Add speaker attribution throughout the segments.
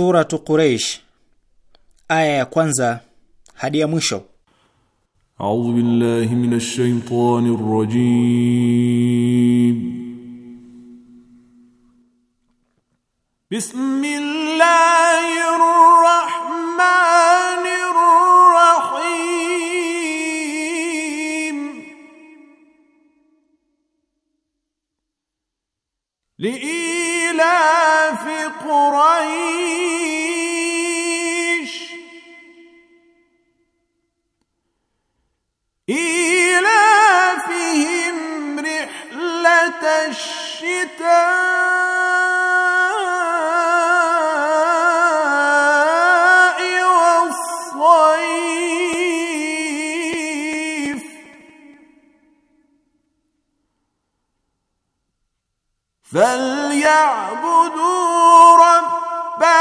Speaker 1: Suratu Quraish aya ya kwanza hadi ya mwisho.
Speaker 2: A'udhu billahi minash shaitani rrajim.
Speaker 3: Li ilahi قريش إيلافهم رحلة الشتاء والصيف فليعلم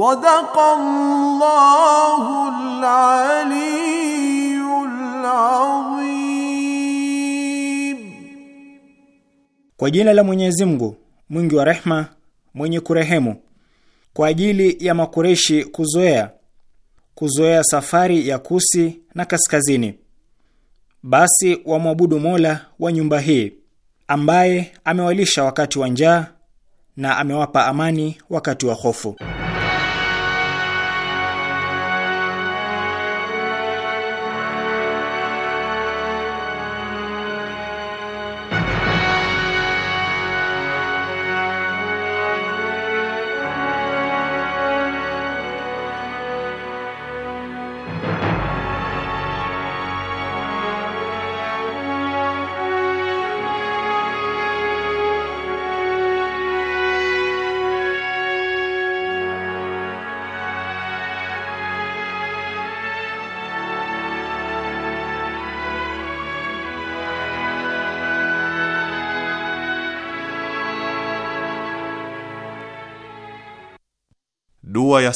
Speaker 3: الله العلي العظيم
Speaker 1: Kwa jina la Mwenyezi Mungu mwingi wa rehma mwenye kurehemu. Kwa ajili ya Makureshi kuzoea kuzoea safari ya kusi na kaskazini, basi wamwabudu Mola wa nyumba hii ambaye amewalisha wakati wa njaa na amewapa amani wakati wa hofu.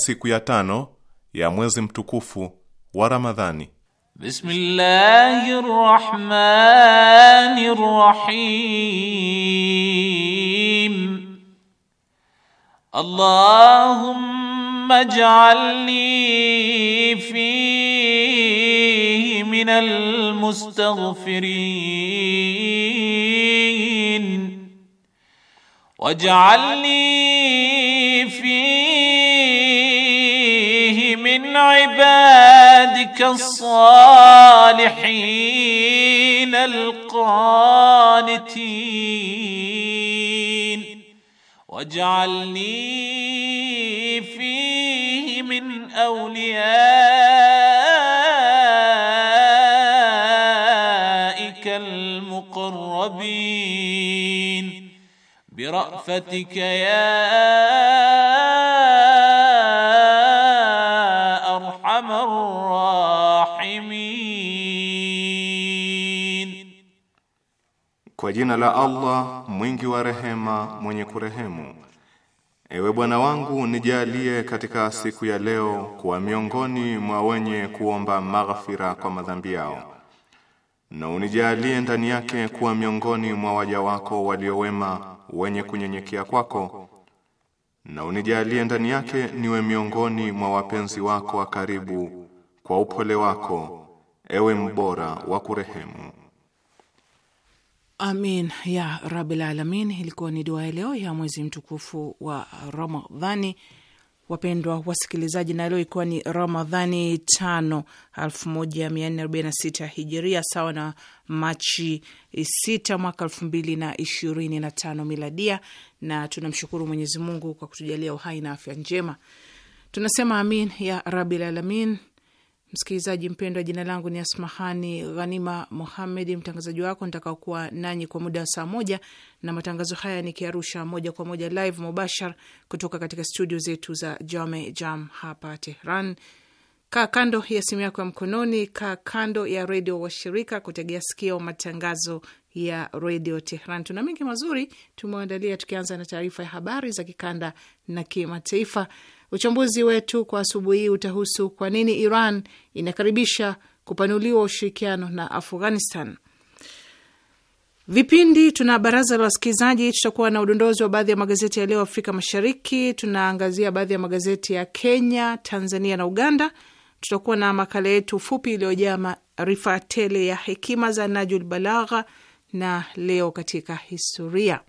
Speaker 4: siku ya tano ya mwezi mtukufu wa Ramadhani.
Speaker 2: Bismillahirrahmanirrahim. Allahumma ij'alni fi minal mustaghfirin waj'alni من عبادك الصالحين القانتين واجعلني فيه من اوليائك المقربين برأفتك يا
Speaker 4: Kwa jina la Allah mwingi wa rehema, mwenye kurehemu. Ewe Bwana wangu, nijalie katika siku ya leo kuwa miongoni mwa wenye kuomba maghfira kwa madhambi yao, na unijalie ndani yake kuwa miongoni mwa waja wako waliowema wenye kunyenyekea kwako, na unijalie ndani yake niwe miongoni mwa wapenzi wako wa karibu kwa upole wako, ewe mbora wa kurehemu.
Speaker 5: Amin ya rabil alamin. Ilikuwa ni dua ya leo ya mwezi mtukufu wa Ramadhani. Wapendwa wasikilizaji, na leo ikiwa ni Ramadhani tano elfu moja mia nne arobaini na sita hijiria sawa na Machi sita mwaka elfu mbili na ishirini na tano miladia, na tunamshukuru Mwenyezi Mungu kwa kutujalia uhai na afya njema. Tunasema amin ya rabil alamin. Msikilizaji mpendwa, jina langu ni Asmahani Ghanima Mohamed, mtangazaji wako nitakaokuwa nanyi kwa muda wa saa moja, na matangazo haya nikiarusha moja kwa moja live mubashar kutoka katika studio zetu za Jome Jam hapa Tehran. Kaa kando ya simu yako ya mkononi, kaa kando ya redio washirika kutegea sikio matangazo ya redio Tehran. Tuna mengi mazuri tumeandalia tukianza na taarifa ya habari za kikanda na kimataifa Uchambuzi wetu kwa asubuhi hii utahusu kwa nini Iran inakaribisha kupanuliwa ushirikiano na Afghanistan. Vipindi tuna baraza la wasikilizaji, tutakuwa na udondozi wa baadhi ya magazeti ya leo Afrika Mashariki. Tunaangazia baadhi ya magazeti ya Kenya, Tanzania na Uganda. Tutakuwa na makala yetu fupi iliyojaa maarifa tele ya hekima za Najul Balagha na leo katika historia.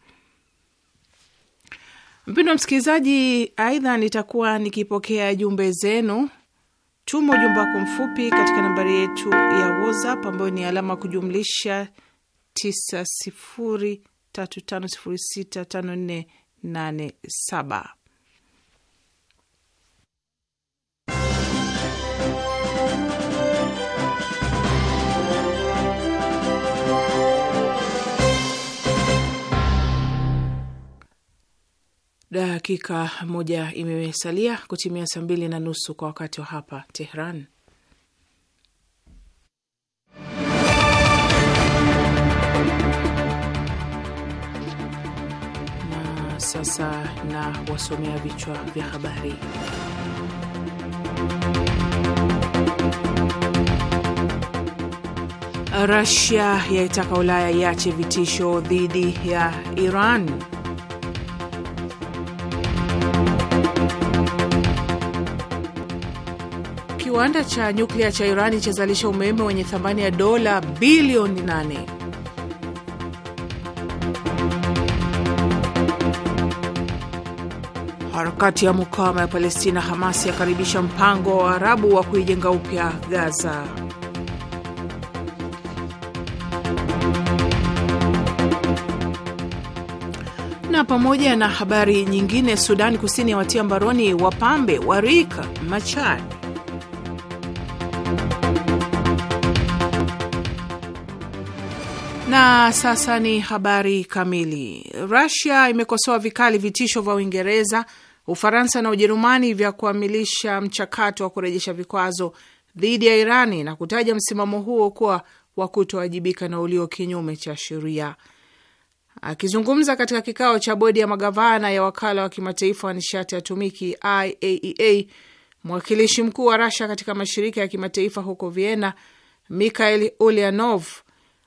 Speaker 5: Mpendo wa msikilizaji, aidha nitakuwa nikipokea jumbe zenu. Tuma ujumbe wako mfupi katika nambari yetu ya WhatsApp ambayo ni alama kujumlisha 90350654887. Dakika moja imesalia kutimia saa mbili na nusu kwa wakati wa hapa Tehran. Na sasa na wasomea vichwa vya habari. Rasia yaitaka Ulaya iache vitisho dhidi ya Iran. Kiwanda cha nyuklia cha Irani chazalisha umeme wenye thamani ya dola bilioni 8. Harakati ya mukawama ya Palestina Hamas yakaribisha mpango wa arabu wa kuijenga upya Gaza. Na pamoja na habari nyingine, Sudani Kusini yawatia mbaroni wapambe wa rika machani. Na sasa ni habari kamili. Rusia imekosoa vikali vitisho vya Uingereza, Ufaransa na Ujerumani vya kuamilisha mchakato wa kurejesha vikwazo dhidi ya Irani na kutaja msimamo huo kuwa wa kutowajibika na ulio kinyume cha sheria. Akizungumza katika kikao cha bodi ya magavana ya wakala wa kimataifa wa nishati ya atomiki IAEA e Mwakilishi mkuu wa Rasha katika mashirika ya kimataifa huko Vienna, Mikhail ulianov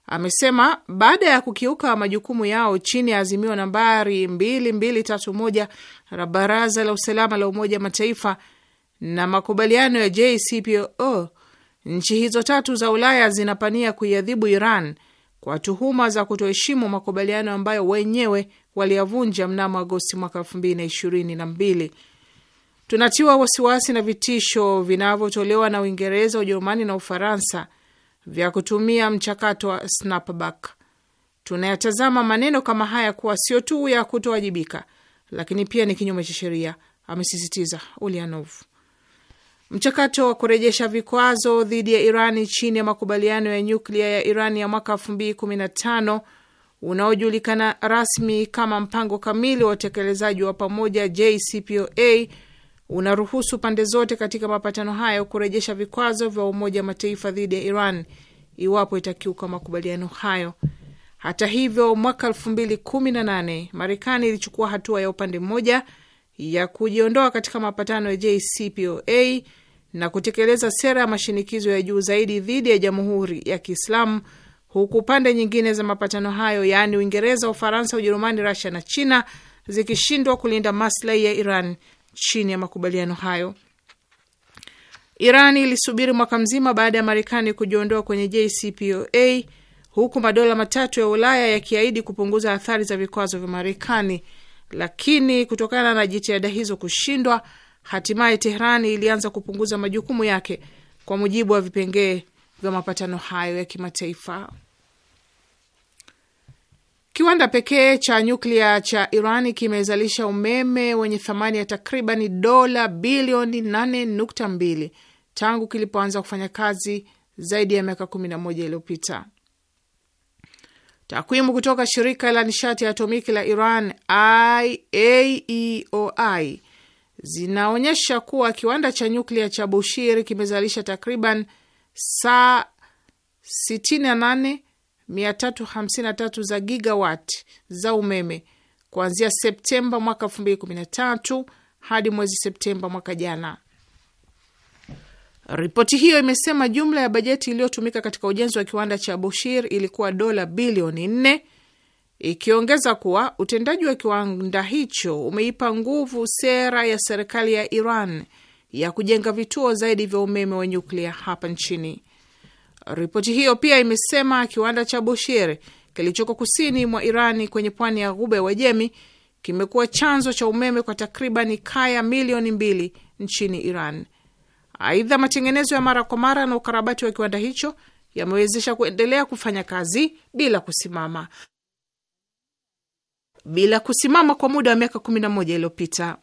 Speaker 5: amesema baada ya kukiuka majukumu yao chini ya azimio nambari 2231 la Baraza la Usalama la Umoja Mataifa na makubaliano ya JCPOA, nchi hizo tatu za Ulaya zinapania kuiadhibu Iran kwa tuhuma za kutoheshimu makubaliano ambayo wenyewe waliyavunja mnamo Agosti mwaka 2022. Tunatiwa wasiwasi na vitisho vinavyotolewa na Uingereza, Ujerumani na Ufaransa vya kutumia mchakato wa snapback. Tunayatazama maneno kama haya kuwa sio tu ya kutowajibika, lakini pia ni kinyume cha sheria, amesisitiza Ulianov. Mchakato wa kurejesha vikwazo dhidi ya Irani chini ya makubaliano ya nyuklia ya Irani ya mwaka 2015 unaojulikana rasmi kama mpango kamili wa utekelezaji wa pamoja JCPOA unaruhusu pande zote katika mapatano hayo kurejesha vikwazo vya Umoja wa Mataifa dhidi ya Iran iwapo itakiuka makubaliano hayo. Hata hivyo, mwaka elfu mbili kumi na nane Marekani ilichukua hatua ya upande mmoja ya kujiondoa katika mapatano ya JCPOA na kutekeleza sera ya mashinikizo ya juu zaidi dhidi ya Jamhuri ya Kiislamu, huku pande nyingine za mapatano hayo yaani Uingereza, Ufaransa, Ujerumani, Rasia na China zikishindwa kulinda maslahi ya Iran chini ya makubaliano hayo. Iran ilisubiri mwaka mzima baada ya Marekani kujiondoa kwenye JCPOA huku madola matatu ya Ulaya yakiahidi kupunguza athari za vikwazo vya Marekani, lakini kutokana na jitihada hizo kushindwa, hatimaye tehran ilianza kupunguza majukumu yake kwa mujibu wa vipengee vya mapatano hayo ya kimataifa. Kiwanda pekee cha nyuklia cha iran kimezalisha umeme wenye thamani ya takribani dola bilioni 8.2 tangu kilipoanza kufanya kazi zaidi ya miaka 11 iliyopita. Takwimu kutoka shirika la nishati ya atomiki la Iran, IAEOI, e zinaonyesha kuwa kiwanda cha nyuklia cha Bushiri kimezalisha takriban saa 68 353 za gigawatt za umeme kuanzia Septemba mwaka 2013 hadi mwezi Septemba mwaka jana. Ripoti hiyo imesema jumla ya bajeti iliyotumika katika ujenzi wa kiwanda cha Bushir ilikuwa dola bilioni 4, ikiongeza kuwa utendaji wa kiwanda hicho umeipa nguvu sera ya serikali ya Iran ya kujenga vituo zaidi vya umeme wa nyuklia hapa nchini. Ripoti hiyo pia imesema kiwanda cha Bushehr kilichoko kusini mwa Irani kwenye pwani ya ghuba ya Uajemi kimekuwa chanzo cha umeme kwa takriban kaya milioni mbili nchini Iran. Aidha, matengenezo ya mara kwa mara na ukarabati wa kiwanda hicho yamewezesha kuendelea kufanya kazi bila kusimama bila kusimama kwa muda wa miaka 11 iliyopita.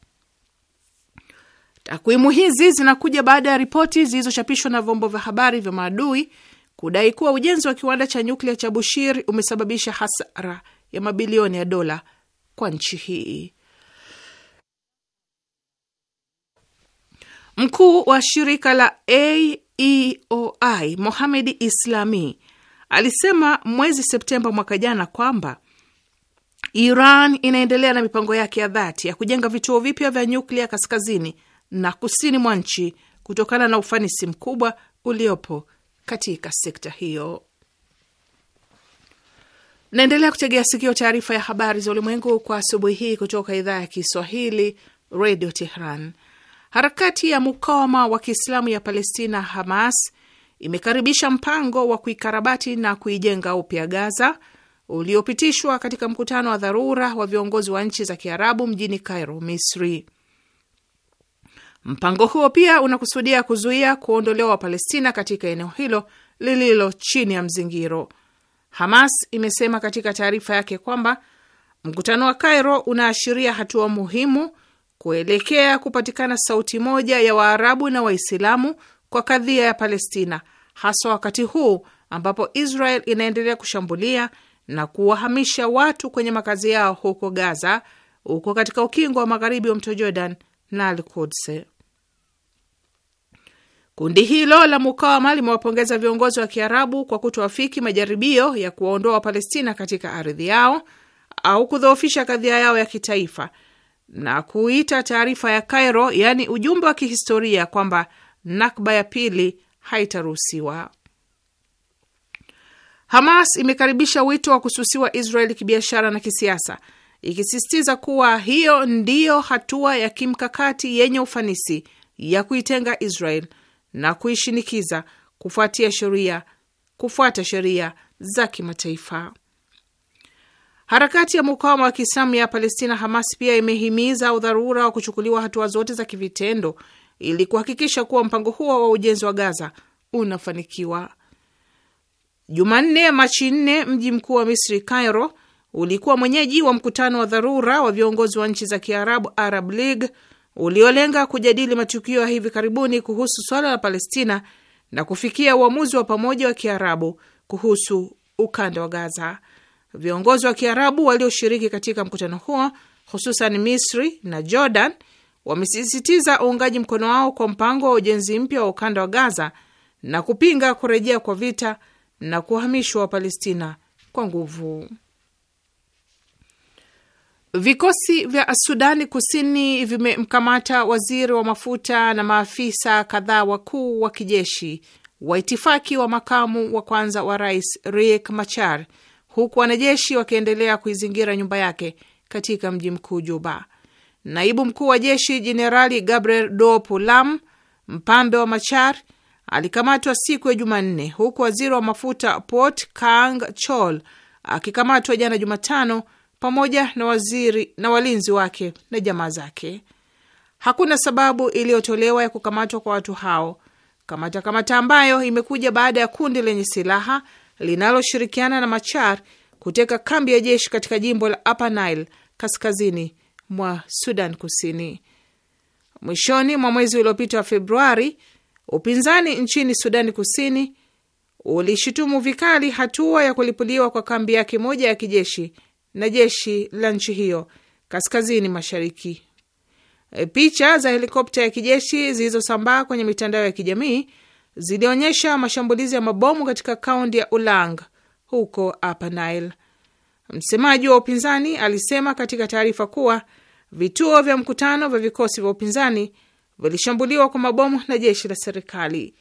Speaker 5: Takwimu hizi zinakuja baada ya ripoti zilizochapishwa na vyombo vya habari vya maadui kudai kuwa ujenzi wa kiwanda cha nyuklia cha Bushiri umesababisha hasara ya mabilioni ya dola kwa nchi hii. Mkuu wa shirika la AEOI Mohamed Islami alisema mwezi Septemba mwaka jana kwamba Iran inaendelea na mipango yake ya dhati ya kujenga vituo vipya vya nyuklia kaskazini na kusini mwa nchi kutokana na ufanisi mkubwa uliopo katika sekta hiyo. Naendelea kutegea sikio taarifa ya habari za ulimwengu kwa asubuhi hii kutoka idhaa ya Kiswahili Radio Tehran. Harakati ya mukawama wa Kiislamu ya Palestina, Hamas, imekaribisha mpango wa kuikarabati na kuijenga upya Gaza uliopitishwa katika mkutano wa dharura wa viongozi wa nchi za Kiarabu mjini Cairo, Misri. Mpango huo pia unakusudia kuzuia kuondolewa Wapalestina katika eneo hilo lililo chini ya mzingiro. Hamas imesema katika taarifa yake kwamba mkutano wa Cairo unaashiria hatua muhimu kuelekea kupatikana sauti moja ya Waarabu na Waislamu kwa kadhia ya Palestina, haswa wakati huu ambapo Israel inaendelea kushambulia na kuwahamisha watu kwenye makazi yao huko Gaza, huko katika ukingo wa magharibi wa mto Jordan na Al Quds. Kundi hilo la mukawama limewapongeza viongozi wa Kiarabu kwa kutoafiki majaribio ya kuwaondoa Wapalestina katika ardhi yao au kudhoofisha kadhia yao ya kitaifa na kuita taarifa ya Cairo, yaani ujumbe wa kihistoria kwamba Nakba ya pili haitaruhusiwa. Hamas imekaribisha wito wa kususiwa Israeli kibiashara na kisiasa, ikisisitiza kuwa hiyo ndiyo hatua ya kimkakati yenye ufanisi ya kuitenga Israel na kuishinikiza kufuatia sheria kufuata sheria za kimataifa. Harakati ya mukawama wa Kiislamu ya Palestina, Hamas, pia imehimiza udharura wa kuchukuliwa hatua zote za kivitendo ili kuhakikisha kuwa mpango huo wa ujenzi wa Gaza unafanikiwa. Jumanne, Machi nne, mji mkuu wa Misri, Cairo, ulikuwa mwenyeji wa mkutano wa dharura wa viongozi wa nchi za Kiarabu, Arab League uliolenga kujadili matukio ya hivi karibuni kuhusu swala la Palestina na kufikia uamuzi wa pamoja wa Kiarabu kuhusu ukanda wa Gaza. Viongozi wa Kiarabu walioshiriki katika mkutano huo, hususan Misri na Jordan, wamesisitiza uungaji mkono wao kwa mpango wa ujenzi mpya wa ukanda wa Gaza na kupinga kurejea kwa vita na kuhamishwa Wapalestina kwa nguvu. Vikosi vya Sudani Kusini vimemkamata waziri wa mafuta na maafisa kadhaa wakuu wa kijeshi wa itifaki wa makamu wa kwanza wa rais Riek Machar, huku wanajeshi wakiendelea kuizingira nyumba yake katika mji mkuu Juba. Naibu mkuu wa jeshi Jenerali Gabriel Dopulam, mpambe wa Machar, alikamatwa siku ya Jumanne, huku waziri wa mafuta Port Kang Chol akikamatwa jana Jumatano pamoja na waziri na walinzi wake na jamaa zake. Hakuna sababu iliyotolewa ya kukamatwa kwa watu hao. Kamata kamata ambayo imekuja baada ya kundi lenye silaha linaloshirikiana na Machar kuteka kambi ya jeshi katika jimbo la Upper Nile kaskazini mwa Sudan Kusini. Mwishoni mwa mwezi uliopita wa Februari, upinzani nchini Sudani Kusini ulishutumu vikali hatua ya kulipuliwa kwa kambi yake moja ya kijeshi na jeshi la nchi hiyo kaskazini mashariki. E, picha za helikopta ya kijeshi zilizosambaa kwenye mitandao ya kijamii zilionyesha mashambulizi ya mabomu katika kaunti ya Ulang huko Upper Nile. Msemaji wa upinzani alisema katika taarifa kuwa vituo vya mkutano vya vikosi vya upinzani vilishambuliwa kwa mabomu na jeshi la serikali.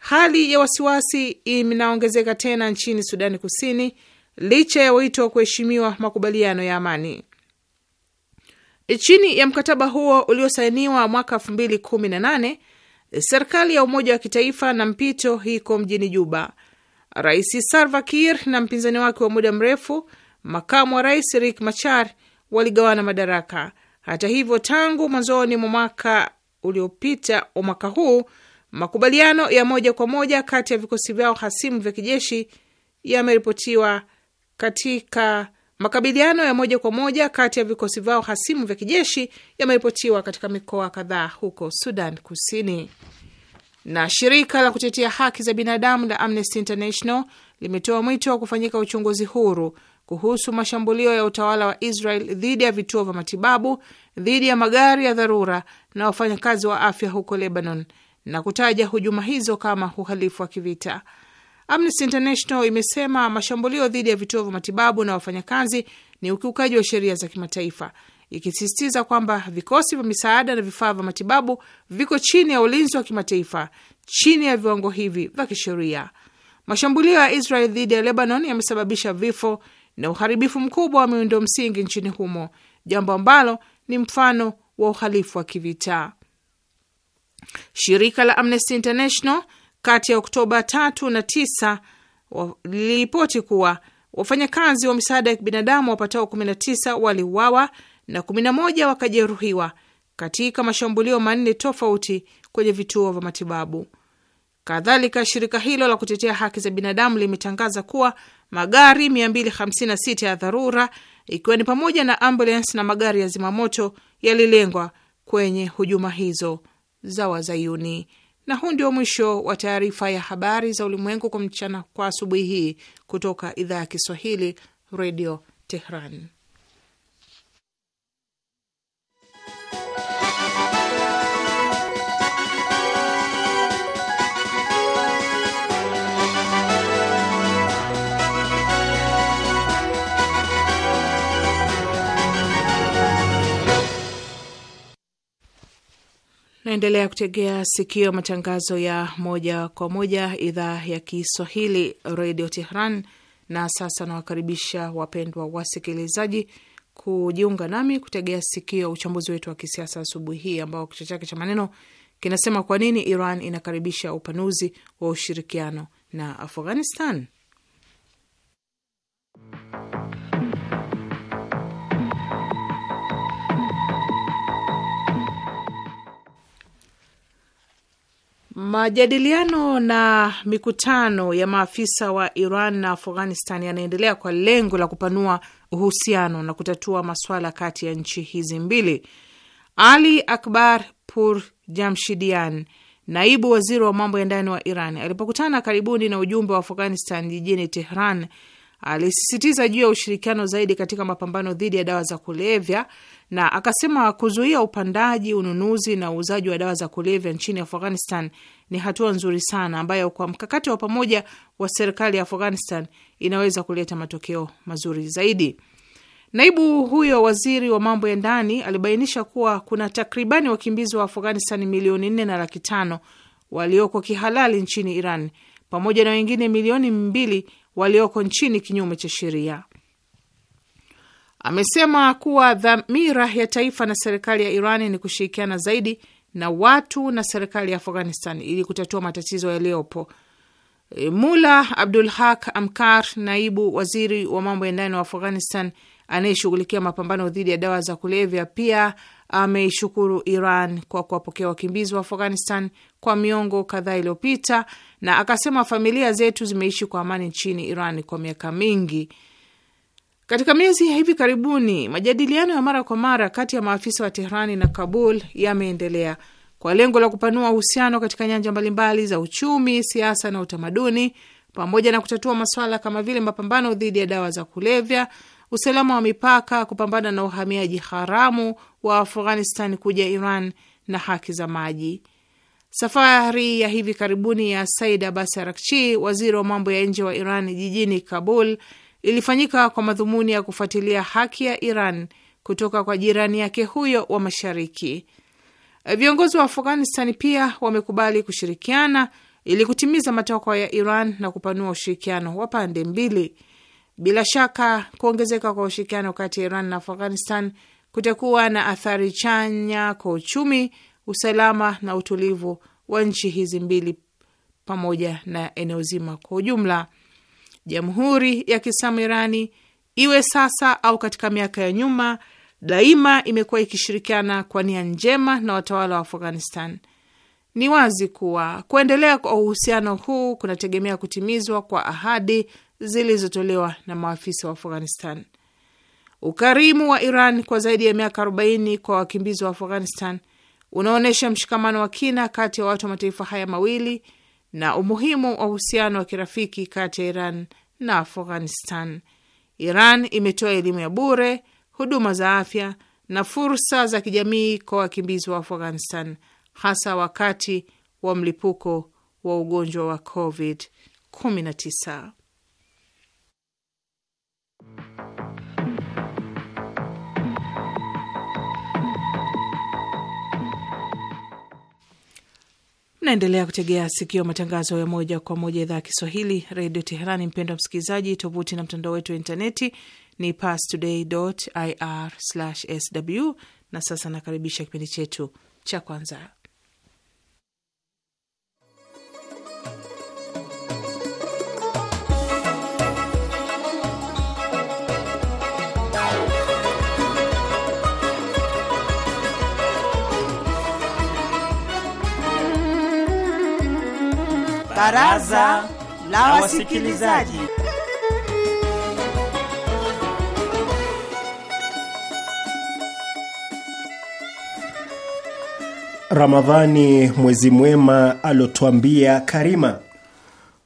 Speaker 5: Hali ya wasiwasi inaongezeka tena nchini Sudani Kusini licha ya wito wa kuheshimiwa makubaliano ya amani. E, chini ya mkataba huo uliosainiwa mwaka 2018, serikali ya umoja wa kitaifa na mpito iko mjini Juba. Rais Salva Kiir na mpinzani wake wa muda mrefu makamu wa rais Riek Machar waligawana madaraka. Hata hivyo, tangu mwanzoni mwa mwaka uliopita wa mwaka huu makubaliano ya moja kwa moja kati ya vikosi vyao hasimu vya kijeshi yameripotiwa katika makabiliano ya moja kwa moja kati ya vikosi vyao hasimu vya kijeshi yameripotiwa katika mikoa kadhaa huko Sudan Kusini. Na shirika la kutetea haki za binadamu la Amnesty International limetoa mwito wa kufanyika uchunguzi huru kuhusu mashambulio ya utawala wa Israel dhidi ya vituo vya matibabu, dhidi ya magari ya dharura na wafanyakazi wa afya huko Lebanon, na kutaja hujuma hizo kama uhalifu wa kivita. Amnesty International imesema mashambulio dhidi ya vituo vya matibabu na wafanyakazi ni ukiukaji wa sheria za kimataifa, ikisisitiza kwamba vikosi vya misaada na vifaa vya matibabu viko chini ya ulinzi wa kimataifa chini ya viwango hivi vya kisheria. Mashambulio ya Israel dhidi ya Lebanon yamesababisha vifo na uharibifu mkubwa wa miundo msingi nchini humo, jambo ambalo ni mfano wa uhalifu wa kivita. Shirika la Amnesty International kati ya Oktoba 3 na 9 liliripoti kuwa wafanyakazi wa misaada ya kibinadamu wapatao 19 waliuawa na 11 wakajeruhiwa katika mashambulio manne tofauti kwenye vituo vya matibabu. Kadhalika, shirika hilo la kutetea haki za binadamu limetangaza kuwa magari 256 ya dharura ikiwa ni pamoja na ambulance na magari ya zimamoto yalilengwa kwenye hujuma hizo za Wazayuni. Na huu ndio mwisho wa taarifa ya habari za ulimwengu kwa mchana, kwa asubuhi hii kutoka idhaa ya Kiswahili, Redio Tehran. Naendelea kutegea sikio matangazo ya moja kwa moja idhaa ya Kiswahili redio Tehran. Na sasa nawakaribisha wapendwa wasikilizaji kujiunga nami kutegea sikio uchambuzi wetu wa kisiasa asubuhi hii ambao kichwa chake cha maneno kinasema kwa nini Iran inakaribisha upanuzi wa ushirikiano na Afghanistan. Majadiliano na mikutano ya maafisa wa Iran na Afghanistan yanaendelea kwa lengo la kupanua uhusiano na kutatua masuala kati ya nchi hizi mbili. Ali Akbar Pur Jamshidian, naibu waziri wa mambo ya ndani wa Iran, alipokutana karibuni na ujumbe wa Afghanistan jijini Tehran alisisitiza juu ya ushirikiano zaidi katika mapambano dhidi ya dawa za kulevya na akasema kuzuia upandaji, ununuzi na uuzaji wa dawa za kulevya nchini Afghanistan ni hatua nzuri sana ambayo kwa mkakati wa pamoja wa serikali ya Afghanistan inaweza kuleta matokeo mazuri zaidi. Naibu huyo waziri wa mambo ya ndani alibainisha kuwa kuna takribani wakimbizi wa Afghanistan milioni nne na laki tano walioko kihalali nchini Iran pamoja na wengine milioni mbili walioko nchini kinyume cha sheria. Amesema kuwa dhamira ya taifa na serikali ya iran ni kushirikiana zaidi na watu na serikali ya Afghanistan ili kutatua matatizo yaliyopo. E, Mula Abdul Haq Amkar, naibu waziri wa mambo ya ndani wa Afghanistan anayeshughulikia mapambano dhidi ya dawa za kulevya, pia ameishukuru Iran kwa kuwapokea wakimbizi wa Afghanistan kwa miongo kadhaa iliyopita, na akasema familia zetu zimeishi kwa amani nchini Iran kwa miaka mingi. Katika miezi ya hivi karibuni, majadiliano ya mara kwa mara kati ya maafisa wa Tehrani na Kabul yameendelea kwa lengo la kupanua uhusiano katika nyanja mbalimbali za uchumi, siasa na utamaduni, pamoja na kutatua masuala kama vile mapambano dhidi ya dawa za kulevya usalama wa mipaka, kupambana na uhamiaji haramu wa Afghanistan kuja Iran na haki za maji. Safari ya hivi karibuni ya Said Abbas Arakchi, waziri wa mambo ya nje wa Iran, jijini Kabul ilifanyika kwa madhumuni ya kufuatilia haki ya Iran kutoka kwa jirani yake huyo wa mashariki. Viongozi wa Afghanistan pia wamekubali kushirikiana ili kutimiza matakwa ya Iran na kupanua ushirikiano wa pande mbili. Bila shaka kuongezeka kwa ushirikiano kati ya Iran na Afghanistan kutakuwa na athari chanya kwa uchumi, usalama na utulivu wa nchi hizi mbili pamoja na eneo zima kwa ujumla. Jamhuri ya Kiislamu Irani, iwe sasa au katika miaka ya nyuma, daima imekuwa ikishirikiana kwa nia njema na watawala wa Afghanistan. Ni wazi kuwa kuendelea kwa uhusiano huu kunategemea kutimizwa kwa ahadi zilizotolewa na maafisa wa Afghanistan. Ukarimu wa Iran kwa zaidi ya miaka 40 kwa wakimbizi wa Afghanistan unaonyesha mshikamano wa kina kati ya watu wa mataifa haya mawili na umuhimu wa uhusiano wa kirafiki kati ya Iran na Afghanistan. Iran imetoa elimu ya bure, huduma za afya na fursa za kijamii kwa wakimbizi wa Afghanistan, hasa wakati wa mlipuko wa ugonjwa wa COVID-19. Naendelea kutegea sikio matangazo ya moja kwa moja idhaa ya Kiswahili redio Teherani. wa msikilizaji, tovuti na mtandao wetu wa intaneti ni pastoday.ir/sw. Na sasa nakaribisha kipindi chetu cha kwanza Baraza la Wasikilizaji.
Speaker 1: Ramadhani mwezi mwema alotwambia Karima,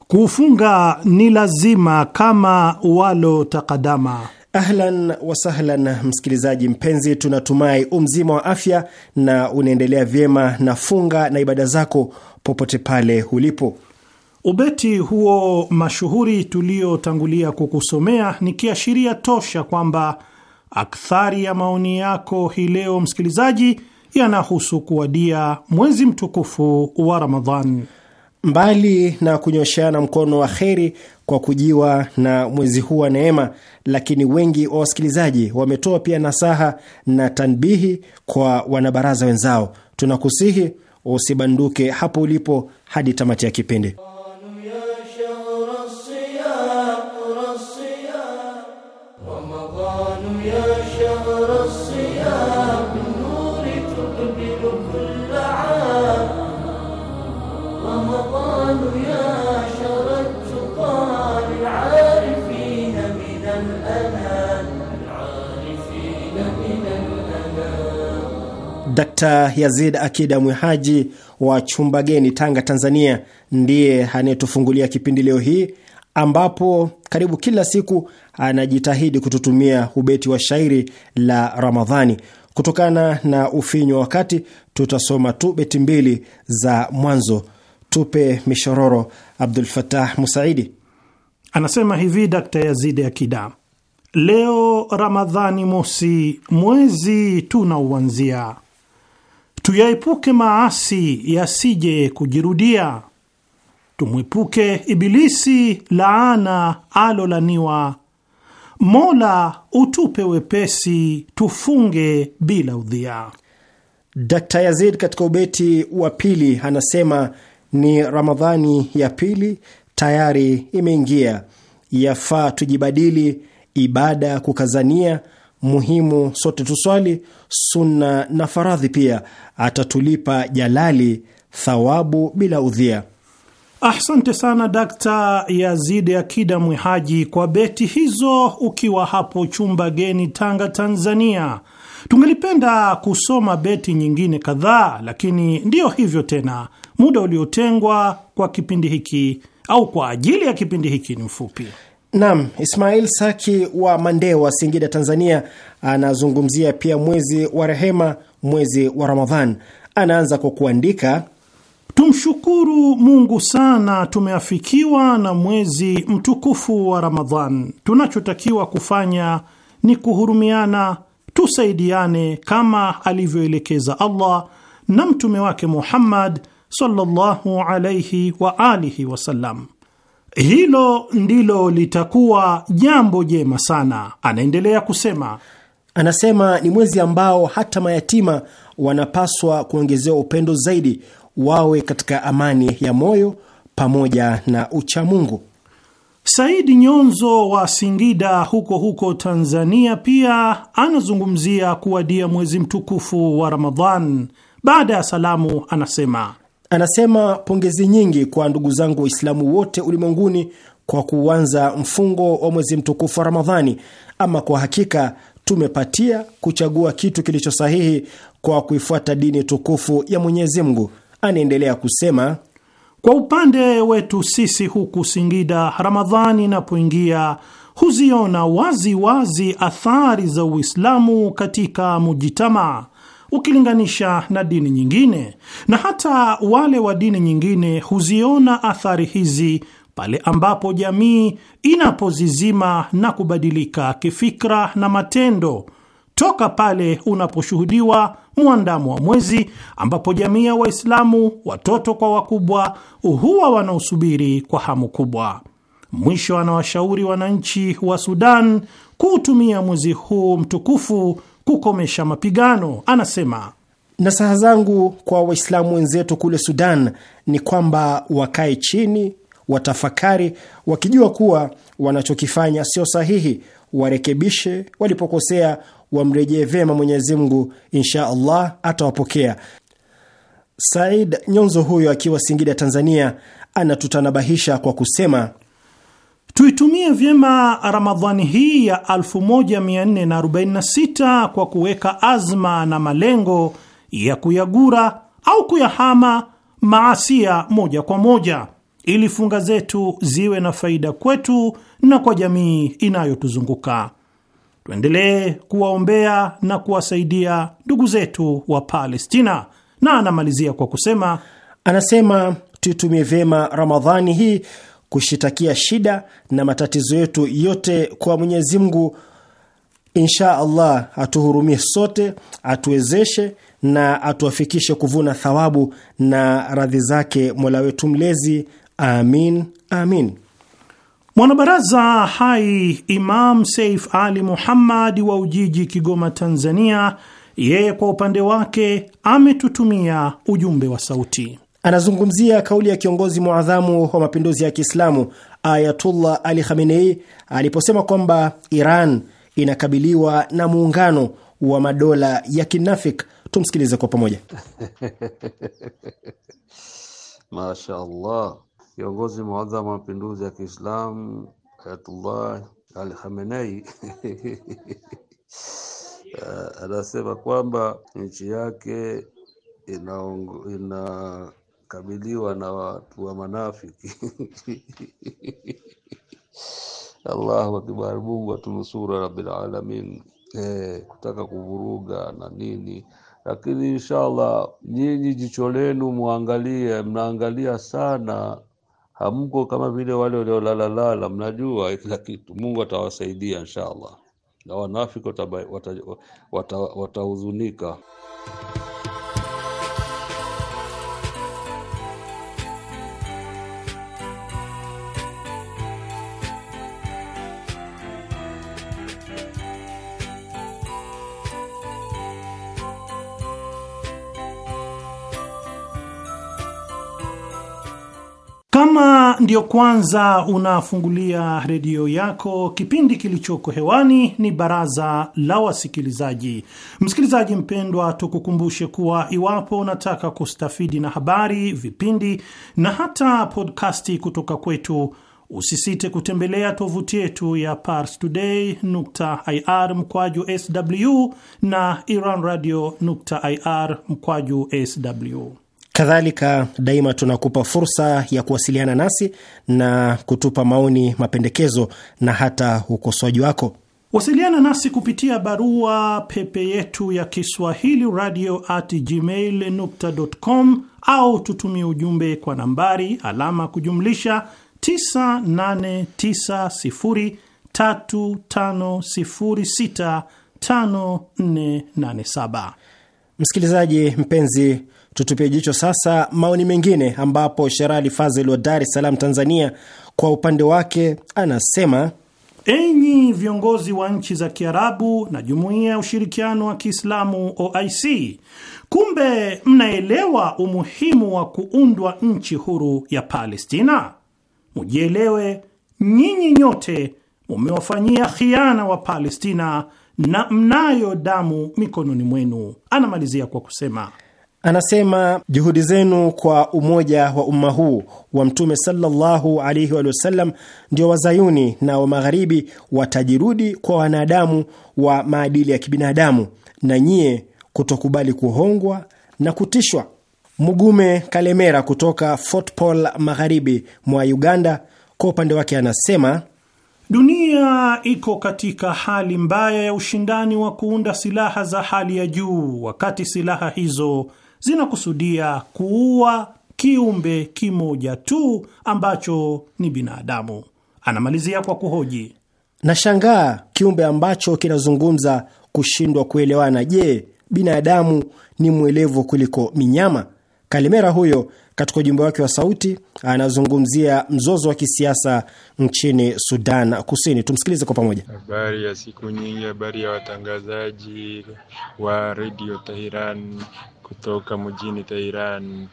Speaker 6: kufunga ni lazima kama walo takadama. Ahlan
Speaker 1: wasahlan, msikilizaji mpenzi, tunatumai umzima wa afya na unaendelea vyema
Speaker 6: na funga na ibada zako
Speaker 1: popote pale ulipo.
Speaker 6: Ubeti huo mashuhuri tuliotangulia kukusomea ni kiashiria tosha kwamba akthari ya maoni yako hii leo msikilizaji, yanahusu kuwadia mwezi mtukufu wa Ramadhan. Mbali na kunyosheana mkono
Speaker 1: wa kheri kwa kujiwa na mwezi huu wa neema, lakini wengi wa wasikilizaji wametoa pia nasaha na tanbihi kwa wanabaraza wenzao. Tunakusihi usibanduke hapo ulipo hadi tamati ya kipindi. Dr. Yazid Akida Mwihaji wa Chumbageni, Tanga, Tanzania, ndiye anayetufungulia kipindi leo hii, ambapo karibu kila siku anajitahidi kututumia ubeti wa shairi la Ramadhani. Kutokana na ufinyu wa wakati, tutasoma tu beti mbili za mwanzo. Tupe mishororo. Abdul Fatah
Speaker 6: Musaidi anasema hivi: Dakta yazid Akida, leo Ramadhani mosi, mwezi tunauanzia tuyaepuke maasi yasije kujirudia, tumwepuke Ibilisi laana alolaniwa. Mola utupe wepesi, tufunge bila udhia. Dr. Yazid katika
Speaker 1: ubeti wa pili anasema ni Ramadhani ya pili tayari imeingia, yafaa tujibadili ibada kukazania muhimu sote tuswali sunna na faradhi pia, atatulipa jalali thawabu bila udhia.
Speaker 6: Asante sana Dakta Yazidi Akida Mwihaji kwa beti hizo, ukiwa hapo chumba geni Tanga, Tanzania. Tungelipenda kusoma beti nyingine kadhaa, lakini ndiyo hivyo tena, muda uliotengwa kwa kipindi hiki au kwa ajili ya kipindi hiki ni mfupi.
Speaker 1: Naam, Ismail Saki wa Mandewa, Singida, Tanzania, anazungumzia pia mwezi wa rehema, mwezi wa Ramadhan. Anaanza
Speaker 6: kwa kuandika Tumshukuru Mungu sana, tumeafikiwa na mwezi mtukufu wa Ramadhan. Tunachotakiwa kufanya ni kuhurumiana, tusaidiane kama alivyoelekeza Allah na mtume wake Muhammad sallallahu alayhi wa alihi wasallam. Hilo ndilo litakuwa jambo jema sana. Anaendelea kusema,
Speaker 1: anasema ni mwezi ambao hata mayatima wanapaswa kuongezewa upendo
Speaker 6: zaidi, wawe katika amani ya moyo pamoja na uchamungu. Saidi Nyonzo wa Singida huko huko Tanzania pia anazungumzia kuwadia mwezi mtukufu wa Ramadhan. Baada ya salamu, anasema Anasema pongezi nyingi kwa ndugu zangu Waislamu wote ulimwenguni
Speaker 1: kwa kuanza mfungo wa mwezi mtukufu wa Ramadhani. Ama kwa hakika tumepatia kuchagua kitu kilicho sahihi kwa kuifuata dini tukufu ya Mwenyezi
Speaker 6: Mungu. Anaendelea kusema, kwa upande wetu sisi huku Singida, Ramadhani inapoingia huziona wazi wazi athari za Uislamu katika mujitamaa ukilinganisha na dini nyingine, na hata wale wa dini nyingine huziona athari hizi pale ambapo jamii inapozizima na kubadilika kifikra na matendo toka pale unaposhuhudiwa mwandamo wa mwezi ambapo jamii ya Waislamu watoto kwa wakubwa huwa wanaosubiri kwa hamu kubwa. Mwisho, anawashauri wananchi wa Sudan kuutumia mwezi huu mtukufu kukomesha mapigano. Anasema nasaha zangu kwa
Speaker 1: Waislamu wenzetu kule Sudan ni kwamba wakae chini, watafakari, wakijua kuwa wanachokifanya sio sahihi, warekebishe, walipokosea wamrejee vyema Mwenyezi Mungu, insha Allah atawapokea. Said Nyonzo huyo akiwa Singida, Tanzania, anatutanabahisha kwa kusema
Speaker 6: Tuitumie vyema Ramadhani hii ya 1446 kwa kuweka azma na malengo ya kuyagura au kuyahama maasia moja kwa moja, ili funga zetu ziwe na faida kwetu na kwa jamii inayotuzunguka. Tuendelee kuwaombea na kuwasaidia ndugu zetu wa Palestina. Na anamalizia kwa kusema, anasema tuitumie vyema Ramadhani hii kushitakia
Speaker 1: shida na matatizo yetu yote kwa Mwenyezi Mungu. Insha Allah atuhurumie sote, atuwezeshe na atuafikishe kuvuna thawabu na radhi zake Mola wetu mlezi. Amin, amin.
Speaker 6: Mwanabaraza hai Imam Seif Ali Muhammad wa Ujiji, Kigoma, Tanzania, yeye kwa upande wake ametutumia ujumbe wa sauti. Anazungumzia kauli ya kiongozi mwadhamu wa mapinduzi ya Kiislamu
Speaker 1: Ayatullah Ali Khamenei aliposema kwamba Iran inakabiliwa na muungano wa madola ya kinafik. Tumsikilize kwa pamoja.
Speaker 5: Mashallah, kiongozi mwadhamu wa mapinduzi ya Kiislamu Ayatullah Ali Khamenei eh, anasema kwamba nchi yake ina kabiliwa na watu wa manafiki
Speaker 2: Allahu akbar, Mungu atunusura rabbil alamin. Eh, kutaka kuvuruga na nini, lakini inshallah nyinyi jicho
Speaker 5: lenu muangalie, mnaangalia sana, hamko kama vile wale waliolalalala, mnajua kila kitu. Mungu atawasaidia inshallah, na wanafiki watahuzunika wata, wata, wata
Speaker 6: Kama ndio kwanza unafungulia redio yako, kipindi kilichoko hewani ni baraza la wasikilizaji. Msikilizaji mpendwa, tukukumbushe kuwa iwapo unataka kustafidi na habari, vipindi na hata podkasti kutoka kwetu, usisite kutembelea tovuti yetu ya parstoday.ir mkwaju sw na iranradio.ir mkwaju sw.
Speaker 1: Kadhalika daima tunakupa fursa ya kuwasiliana nasi na kutupa maoni, mapendekezo na hata ukosoaji wako.
Speaker 6: Wasiliana nasi kupitia barua pepe yetu ya Kiswahili radio at gmail com, au tutumie ujumbe kwa nambari alama kujumlisha 989035065487.
Speaker 1: Msikilizaji mpenzi Tutupie jicho sasa maoni mengine, ambapo Sherali Fazil wa Dar es Salaam, Tanzania, kwa upande
Speaker 6: wake anasema Enyi viongozi wa nchi za Kiarabu na Jumuiya ya Ushirikiano wa Kiislamu OIC, kumbe mnaelewa umuhimu wa kuundwa nchi huru ya Palestina. Mujielewe nyinyi nyote mumewafanyia khiana wa Palestina na mnayo damu mikononi mwenu. Anamalizia kwa kusema Anasema
Speaker 1: juhudi zenu kwa umoja wa umma huu wa Mtume sallallahu alaihi wa sallam ndio wazayuni na wa magharibi watajirudi kwa wanadamu wa maadili ya kibinadamu, na nyie kutokubali kuhongwa na kutishwa. Mugume Kalemera kutoka Fort magharibi mwa Uganda, kwa upande
Speaker 6: wake anasema Dunia iko katika hali mbaya ya ushindani wa kuunda silaha za hali ya juu, wakati silaha hizo zinakusudia kuua kiumbe kimoja tu ambacho ni binadamu. Anamalizia kwa kuhoji,
Speaker 1: nashangaa kiumbe ambacho kinazungumza kushindwa kuelewana. Je, binadamu ni mwelevu kuliko minyama? Kalimera huyo katika ujumbe wake wa sauti anazungumzia mzozo wa kisiasa nchini Sudan Kusini. Tumsikilize kwa pamoja.
Speaker 7: Habari ya siku nyingi, habari ya watangazaji wa redio Teheran kutoka mjini Tehran.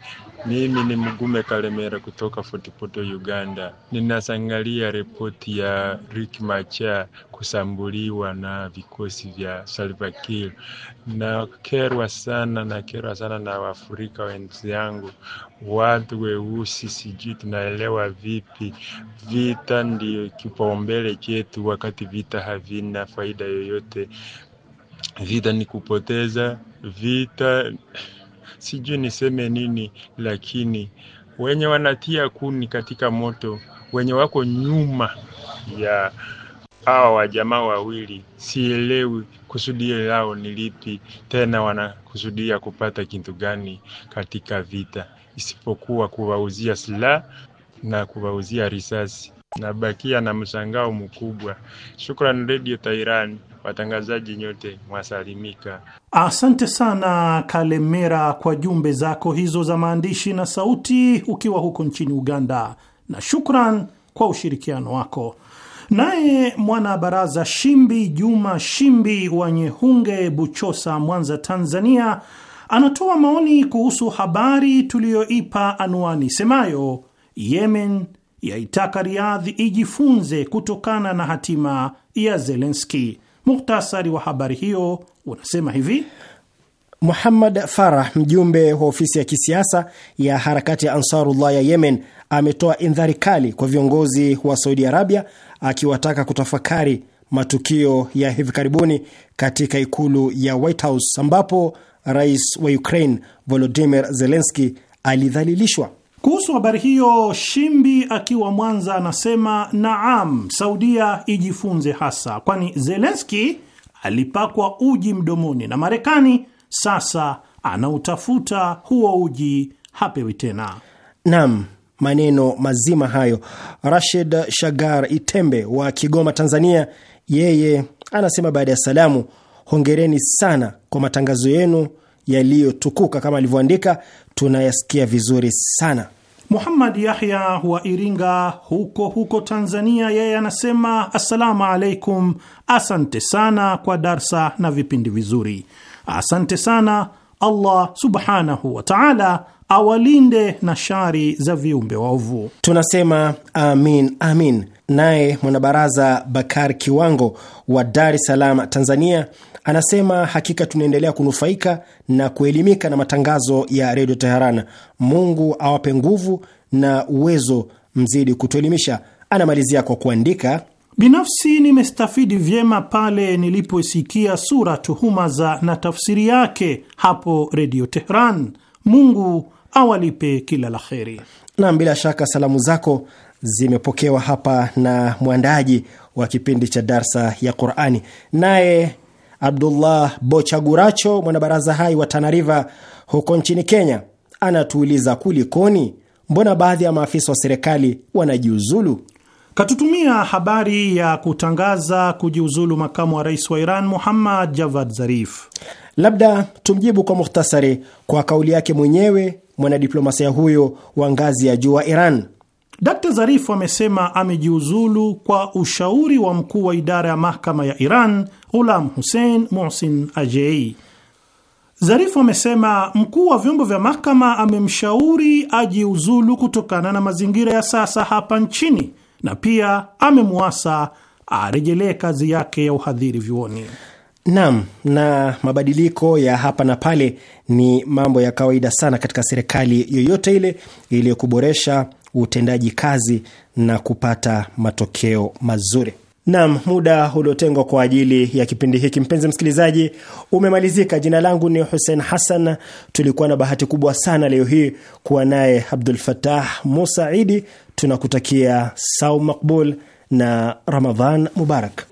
Speaker 7: Mimi ni Mgume Kalemera kutoka Fort Portal, Uganda. Ninasangalia ripoti ya Rick macha kusambuliwa na vikosi vya Salva Kiir. Nakerwa sana, nakerwa sana na Waafrika wenzi yangu, watu weusi, sijui tunaelewa vipi? Vita ndio kipaumbele chetu, wakati vita havina faida yoyote vita ni kupoteza vita, sijui niseme nini, lakini wenye wanatia kuni katika moto, wenye wako nyuma ya hawa wajamaa wawili, sielewi kusudio lao ni lipi, tena wanakusudia kupata kitu gani katika vita, isipokuwa kuwauzia silaha na kuwauzia risasi. Nabakia na mshangao mkubwa. Shukrani Redio Tairan, watangazaji nyote mwasalimika.
Speaker 6: Asante sana Kalemera kwa jumbe zako hizo za maandishi na sauti, ukiwa huko nchini Uganda, na shukran kwa ushirikiano wako. Naye mwanabaraza Shimbi Juma Shimbi wa Nyehunge, Buchosa, Mwanza, Tanzania, anatoa maoni kuhusu habari tuliyoipa anwani semayo Yemen yaitaka riadhi ijifunze kutokana na hatima ya Zelenski. Muhtasari wa habari hiyo unasema hivi:
Speaker 1: Muhammad Farah, mjumbe wa ofisi ya kisiasa ya harakati ya Ansarullah ya Yemen, ametoa indhari kali kwa viongozi wa Saudi Arabia akiwataka kutafakari matukio ya hivi karibuni katika ikulu ya White House ambapo rais wa Ukraine Volodymyr zelenski
Speaker 6: alidhalilishwa. Kuhusu habari hiyo, Shimbi akiwa Mwanza anasema naam, Saudia ijifunze hasa, kwani Zelenski alipakwa uji mdomoni na Marekani, sasa anautafuta huo uji, hapewi tena.
Speaker 1: Naam, maneno mazima hayo. Rashid Shagar Itembe wa Kigoma, Tanzania, yeye anasema baada ya salamu, hongereni sana kwa matangazo yenu yaliyotukuka kama alivyoandika,
Speaker 6: tunayasikia vizuri sana. Muhammad Yahya wa Iringa huko huko Tanzania, yeye anasema assalamu alaikum, asante sana kwa darsa na vipindi vizuri, asante sana. Allah subhanahu wa taala awalinde na shari za viumbe waovu. Tunasema amin amin.
Speaker 1: Naye mwanabaraza Bakar Kiwango wa Dar es Salaam, Tanzania, Anasema hakika tunaendelea kunufaika na kuelimika na matangazo ya redio Teheran. Mungu awape nguvu na uwezo, mzidi kutuelimisha. Anamalizia
Speaker 6: kwa kuandika, binafsi nimestafidi vyema pale nilipoisikia sura tuhuma za na tafsiri yake hapo redio Teheran. Mungu awalipe kila la kheri.
Speaker 1: Nam, bila shaka salamu zako zimepokewa hapa na mwandaji wa kipindi cha darsa ya Qurani, naye Abdullah Bochaguracho, mwanabaraza hai wa Tanariva huko nchini Kenya, anatuuliza kulikoni, mbona baadhi ya maafisa wa serikali wanajiuzulu?
Speaker 6: Katutumia habari ya kutangaza kujiuzulu makamu wa rais wa Iran Muhammad Javad Zarif. Labda tumjibu kwa muhtasari kwa kauli yake mwenyewe mwanadiplomasia huyo wa ngazi ya juu wa Iran. Dr Zarif amesema amejiuzulu kwa ushauri wa mkuu wa idara ya mahakama ya Iran Ghulam Hussein Mohsin Ajei. Zarifu amesema mkuu wa vyombo vya mahakama amemshauri ajiuzulu kutokana na mazingira ya sasa hapa nchini na pia amemwasa arejelee kazi yake ya uhadhiri vyuoni. Naam,
Speaker 1: na mabadiliko ya hapa na pale ni mambo ya kawaida sana katika serikali yoyote ile ili kuboresha utendaji kazi na kupata matokeo mazuri. Nam, muda uliotengwa kwa ajili ya kipindi hiki, mpenzi msikilizaji, umemalizika. Jina langu ni Hussein Hassan. Tulikuwa na bahati kubwa sana leo hii kuwa naye Abdul Fatah Musa Idi. Tunakutakia sau makbul na Ramadhan mubarak.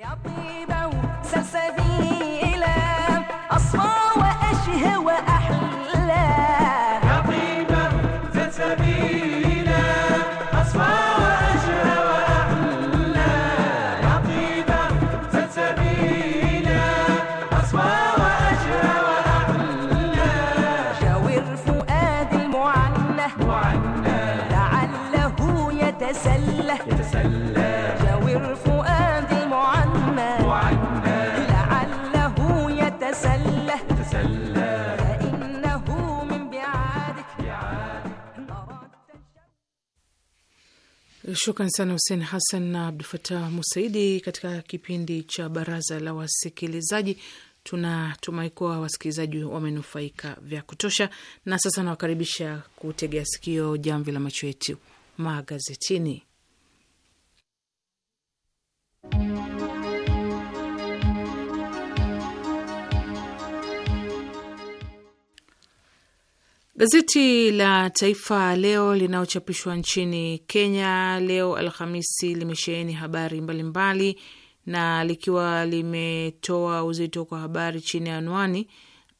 Speaker 5: Shukran sana Hussein Hassan na Abdul Fatah Musaidi katika kipindi cha baraza la wasikilizaji. Tunatumai kuwa wasikilizaji wamenufaika vya kutosha, na sasa nawakaribisha kutegea sikio jamvi la macho yetu magazetini. Gazeti la Taifa Leo linalochapishwa nchini Kenya leo Alhamisi limesheheni habari mbalimbali mbali, na likiwa limetoa uzito kwa habari chini ya anwani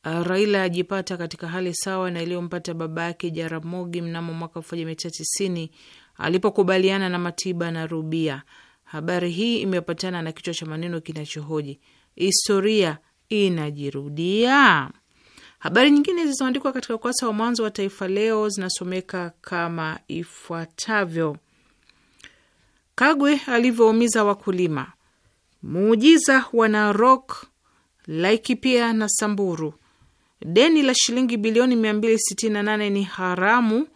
Speaker 5: uh, Raila ajipata katika hali sawa na iliyompata baba yake Jaramogi mnamo mwaka 1990 alipokubaliana na Matiba na Rubia. Habari hii imepatana na kichwa cha maneno kinachohoji historia inajirudia. Habari nyingine zilizoandikwa katika ukurasa wa mwanzo wa Taifa Leo zinasomeka kama ifuatavyo: Kagwe alivyoumiza wakulima, muujiza wana Rock, Laikipia na Samburu, deni la shilingi bilioni 268 ni haramu,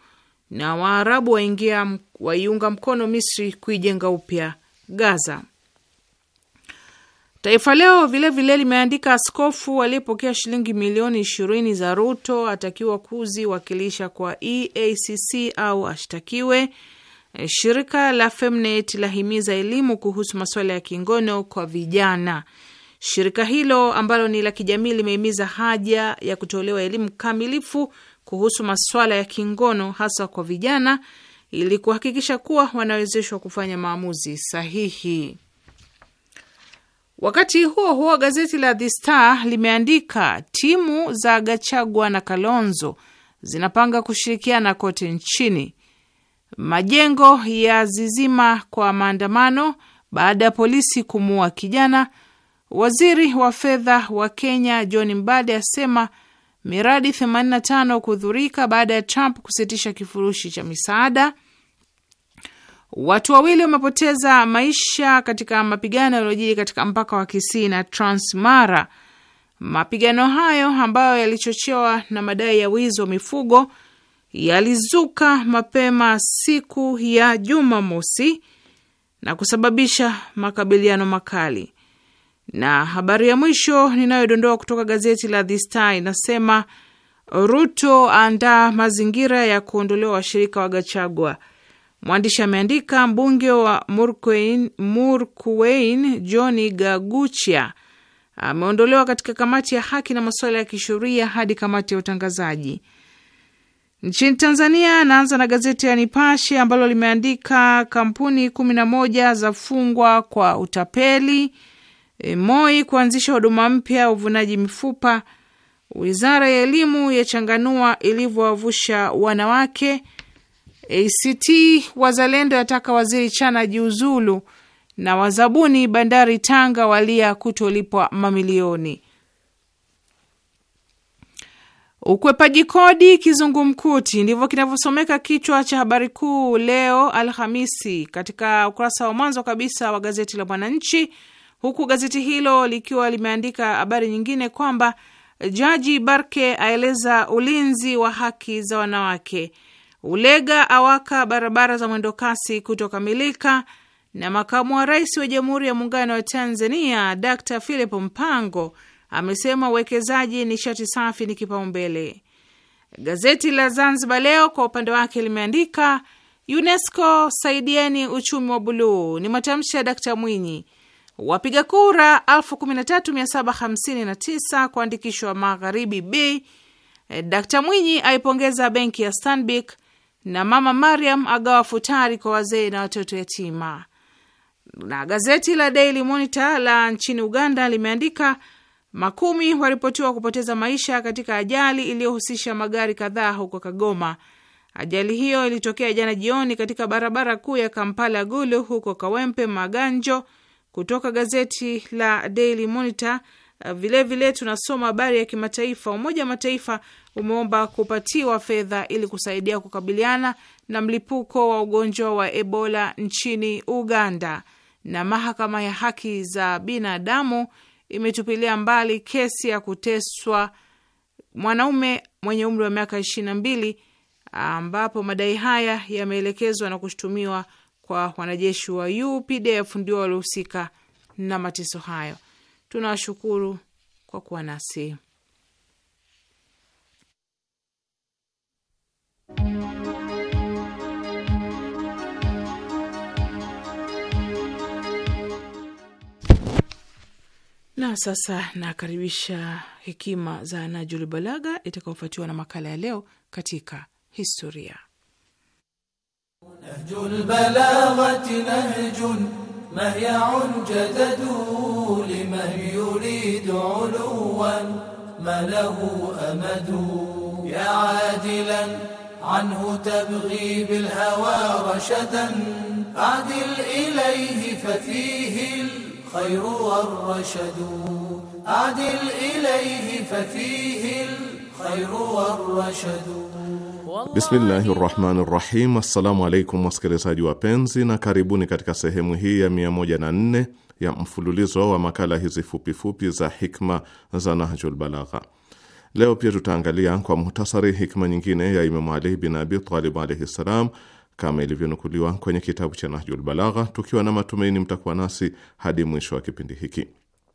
Speaker 5: na Waarabu waingia waiunga mkono Misri kuijenga upya Gaza. Taifa Leo vilevile limeandika askofu aliyepokea shilingi milioni ishirini za Ruto atakiwa kuziwakilisha kwa EACC au ashtakiwe. E, shirika la Femnet lahimiza elimu kuhusu masuala ya kingono kwa vijana. Shirika hilo ambalo ni la kijamii limehimiza haja ya kutolewa elimu kamilifu kuhusu masuala ya kingono hasa kwa vijana ili kuhakikisha kuwa wanawezeshwa kufanya maamuzi sahihi. Wakati huo huo, gazeti la The Star limeandika timu za Gachagua na Kalonzo zinapanga kushirikiana kote nchini. Majengo ya zizima kwa maandamano baada ya polisi kumuua kijana. Waziri wa fedha wa Kenya John Mbadi asema miradi 85 kudhurika baada ya Trump kusitisha kifurushi cha misaada. Watu wawili wamepoteza maisha katika mapigano yaliyojiri katika mpaka wa Kisii na Transmara. Mapigano hayo ambayo yalichochewa na madai ya wizi wa mifugo yalizuka mapema siku ya Jumamosi na kusababisha makabiliano makali. Na habari ya mwisho ninayodondoa kutoka gazeti la The Star inasema Ruto aandaa mazingira ya kuondolewa washirika wa Gachagua. Mwandishi ameandika, mbunge wa Murkwein, Murkwein John Gaguchia ameondolewa katika kamati ya haki na masuala ya kisheria hadi kamati ya utangazaji. Nchini Tanzania, anaanza na gazeti ya Nipashe ambalo limeandika kampuni kumi na moja za fungwa kwa utapeli. E, MOI kuanzisha huduma mpya uvunaji mifupa. Wizara ya Elimu yachanganua ilivyowavusha wanawake. ACT Wazalendo yataka waziri Chana jiuzulu, na wazabuni bandari Tanga walia kutolipwa mamilioni. Ukwepaji kodi kizungumkuti, ndivyo kinavyosomeka kichwa cha habari kuu leo Alhamisi katika ukurasa wa mwanzo kabisa wa gazeti la Mwananchi, huku gazeti hilo likiwa limeandika habari nyingine kwamba Jaji Barke aeleza ulinzi wa haki za wanawake. Ulega awaka barabara za mwendokasi kutokamilika. Na makamu wa rais wa Jamhuri ya Muungano wa Tanzania Dr Philip Mpango amesema uwekezaji nishati safi ni kipaumbele. Gazeti la Zanzibar Leo kwa upande wake limeandika UNESCO saidieni uchumi wa buluu, ni matamshi ya Dkt Mwinyi. Wapiga kura 13759 kuandikishwa magharibi B. Dkt Mwinyi aipongeza benki ya Stanbic na mama Mariam agawa futari kwa wazee na watoto yatima. Na gazeti la Daily Monitor la nchini Uganda limeandika makumi waripotiwa kupoteza maisha katika ajali iliyohusisha magari kadhaa huko Kagoma. Ajali hiyo ilitokea jana jioni katika barabara kuu ya Kampala Gulu huko Kawempe Maganjo. Kutoka gazeti la Daily Monitor vilevile eh, vile tunasoma habari ya kimataifa. Umoja wa Mataifa umeomba kupatiwa fedha ili kusaidia kukabiliana na mlipuko wa ugonjwa wa Ebola nchini Uganda, na mahakama ya haki za binadamu imetupilia mbali kesi ya kuteswa mwanaume mwenye umri wa miaka ishirini na mbili ambapo madai haya yameelekezwa na kushutumiwa kwa wanajeshi wa UPDF ndio waliohusika na mateso hayo. Tunawashukuru kwa kuwa nasi. Na sasa nakaribisha hekima za Najuli Balaga itakayofuatiwa na makala ya leo katika historia.
Speaker 2: adil ilayhi fafihi خير والرشد أعدل إليه ففيه الخير والرشد
Speaker 4: Bismillahi rahmani rahim. Assalamu alaikum wasikilizaji wapenzi, na karibuni katika sehemu hii ya 104 ya mfululizo wa makala hizi fupifupi fupi za hikma za Nahjul Balagha. Leo pia tutaangalia kwa muhtasari hikma nyingine ya Imamu Ali bin Abi Talib alaihi ssalam kama ilivyonukuliwa kwenye kitabu cha Nahjul Balagha, tukiwa na matumaini mtakuwa nasi hadi mwisho wa kipindi hiki.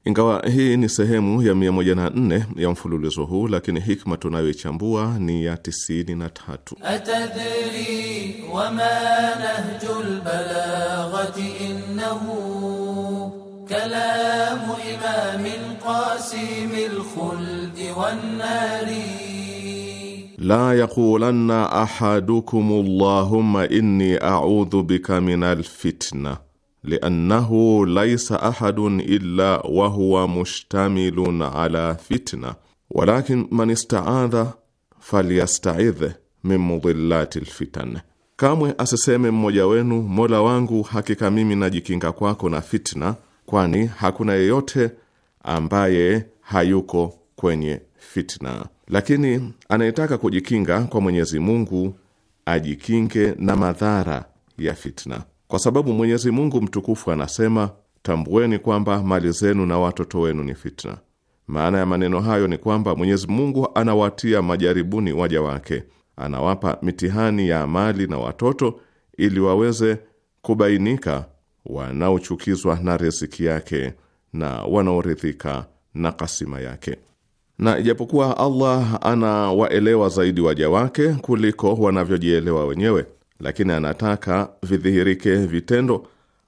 Speaker 4: Ingawa hii ni sehemu ya 104 ya mfululizo huu, lakini hikma tunayoichambua ni ya 93.
Speaker 2: kalamu
Speaker 4: qasimil khuldi wan nari la yaqulanna ahadukum allahumma inni a'udhu bika min alfitna liannahu laisa ahadun illa wa huwa mushtamilun ala fitna walakin man istaadha falyastaidh min mudhillati lfitan, kamwe asiseme mmoja wenu mola wangu, hakika mimi najikinga kwako na fitna, kwani hakuna yeyote ambaye hayuko kwenye fitna. Lakini anayetaka kujikinga kwa Mwenyezi Mungu ajikinge na madhara ya fitna, kwa sababu Mwenyezi Mungu mtukufu anasema, tambueni kwamba mali zenu na watoto wenu ni fitna. Maana ya maneno hayo ni kwamba Mwenyezi Mungu anawatia majaribuni waja wake, anawapa mitihani ya mali na watoto ili waweze kubainika wanaochukizwa na riziki yake na wanaoridhika na kasima yake. Na ijapokuwa Allah anawaelewa zaidi waja wake kuliko wanavyojielewa wenyewe, lakini anataka vidhihirike vitendo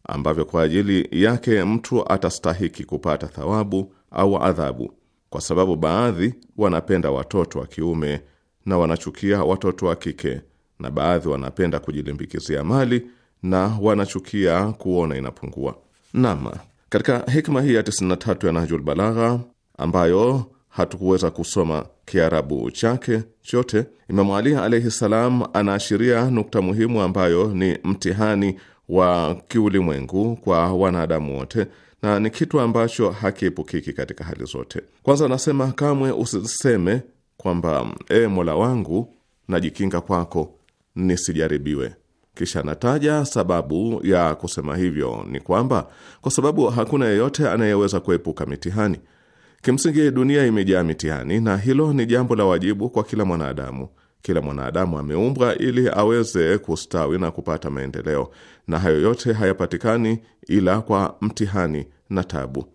Speaker 4: ambavyo kwa ajili yake mtu atastahiki kupata thawabu au adhabu, kwa sababu baadhi wanapenda watoto wa kiume na wanachukia watoto wa kike, na baadhi wanapenda kujilimbikizia mali na wanachukia kuona inapungua. Naam, katika hikma hii ya 93 ya Nahjul Balagha ambayo hatukuweza kusoma Kiarabu chake chote. Imamu Ali alaihi salam anaashiria nukta muhimu ambayo ni mtihani wa kiulimwengu kwa wanadamu wote na ni kitu ambacho hakiepukiki katika hali zote. Kwanza anasema kamwe usiseme kwamba e, Mola wangu najikinga kwako nisijaribiwe. Kisha anataja sababu ya kusema hivyo ni kwamba kwa sababu hakuna yeyote anayeweza kuepuka mitihani Kimsingi, dunia imejaa mitihani na hilo ni jambo la wajibu kwa kila mwanadamu. Kila mwanadamu ameumbwa ili aweze kustawi na kupata maendeleo, na hayo yote hayapatikani ila kwa mtihani na tabu.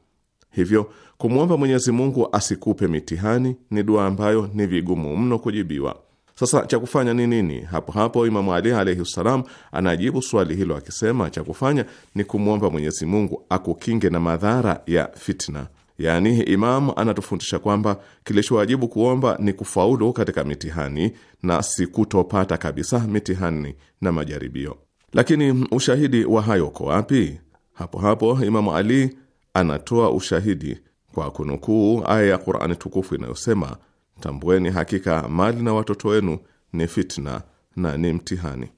Speaker 4: Hivyo kumwomba Mwenyezi Mungu asikupe mitihani ni dua ambayo ni vigumu mno kujibiwa. Sasa cha kufanya ni nini? Hapo hapo Imamu Ali alaihi ssalam anajibu swali hilo akisema, cha kufanya ni kumwomba Mwenyezi Mungu akukinge na madhara ya fitna Yaani, Imam anatufundisha kwamba kilichowajibu kuomba ni kufaulu katika mitihani na si kutopata kabisa mitihani na majaribio. Lakini ushahidi wa hayo uko wapi? Hapo hapo Imamu Ali anatoa ushahidi kwa kunukuu aya ya Qur'ani tukufu inayosema, tambueni hakika mali na watoto wenu ni fitna na ni mtihani.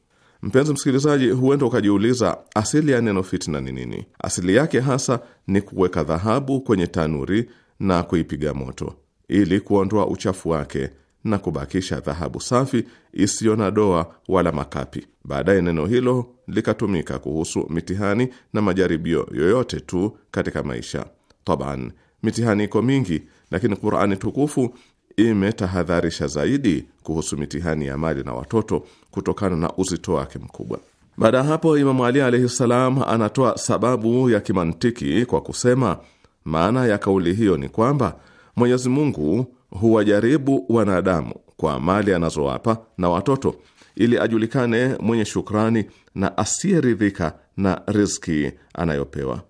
Speaker 4: Mpenzi msikilizaji, huenda ukajiuliza asili ya neno fitna ni nini? Asili yake hasa ni kuweka dhahabu kwenye tanuri na kuipiga moto ili kuondoa uchafu wake na kubakisha dhahabu safi isiyo na doa wala makapi. Baadaye neno hilo likatumika kuhusu mitihani na majaribio yoyote tu katika maisha. Taban, mitihani iko mingi, lakini Qur'ani tukufu imetahadharisha zaidi kuhusu mitihani ya mali na watoto kutokana na uzito wake mkubwa. Baada ya hapo, Imamu Ali alaihi ssalam anatoa sababu ya kimantiki kwa kusema, maana ya kauli hiyo ni kwamba Mwenyezi Mungu huwajaribu wanadamu kwa mali anazowapa na watoto ili ajulikane mwenye shukrani na asiyeridhika na riziki anayopewa.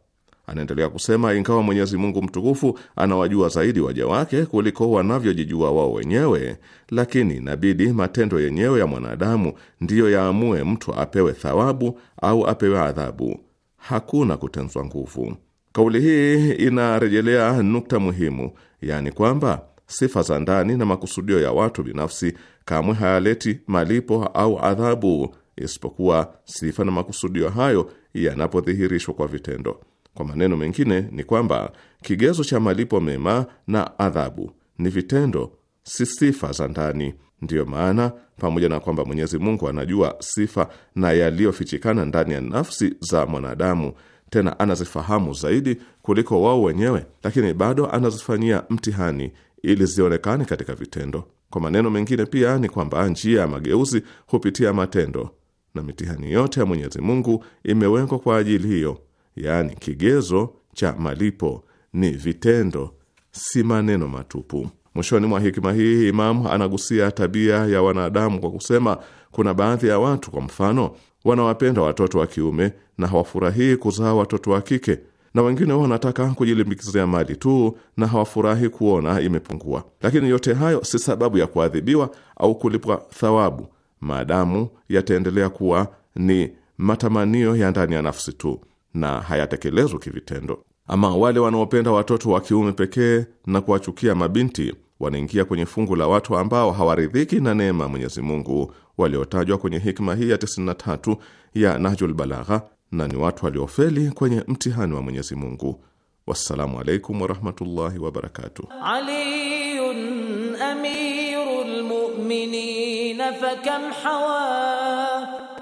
Speaker 4: Anaendelea kusema ingawa Mwenyezi Mungu mtukufu anawajua zaidi waja wake kuliko wanavyojijua wao wenyewe, lakini inabidi matendo yenyewe ya mwanadamu ndiyo yaamue mtu apewe thawabu au apewe adhabu. Hakuna kutenzwa nguvu. Kauli hii inarejelea nukta muhimu, yaani kwamba sifa za ndani na makusudio ya watu binafsi kamwe hayaleti malipo au adhabu, isipokuwa sifa na makusudio hayo yanapodhihirishwa kwa vitendo. Kwa maneno mengine ni kwamba kigezo cha malipo mema na adhabu ni vitendo, si sifa za ndani. Ndiyo maana pamoja na kwamba Mwenyezi Mungu anajua sifa na yaliyofichikana ndani ya nafsi za mwanadamu, tena anazifahamu zaidi kuliko wao wenyewe, lakini bado anazifanyia mtihani ili zionekane katika vitendo. Kwa maneno mengine pia ni kwamba njia ya mageuzi hupitia matendo, na mitihani yote ya Mwenyezi Mungu imewekwa kwa ajili hiyo yaani kigezo cha malipo ni vitendo, si maneno matupu. Mwishoni mwa hikima hii, Imamu anagusia tabia ya wanadamu kwa kusema, kuna baadhi ya watu, kwa mfano, wanawapenda watoto wa kiume na hawafurahii kuzaa watoto wa kike, na wengine wanataka kujilimbikizia mali tu na hawafurahi kuona imepungua. Lakini yote hayo si sababu ya kuadhibiwa au kulipwa thawabu, maadamu yataendelea kuwa ni matamanio ya ndani ya nafsi tu na hayatekelezwi kivitendo. Ama wale wanaopenda watoto wa kiume pekee na kuwachukia mabinti wanaingia kwenye fungu la watu ambao hawaridhiki na neema Mwenyezi Mungu waliotajwa kwenye hikma hii ya 93 ya Nahjul Balagha, na ni watu waliofeli kwenye mtihani wa Mwenyezi Mungu. Wassalamu alaikum warahmatullahi wabarakatuh.
Speaker 2: Aliyun amirul mu'minin fakam hawa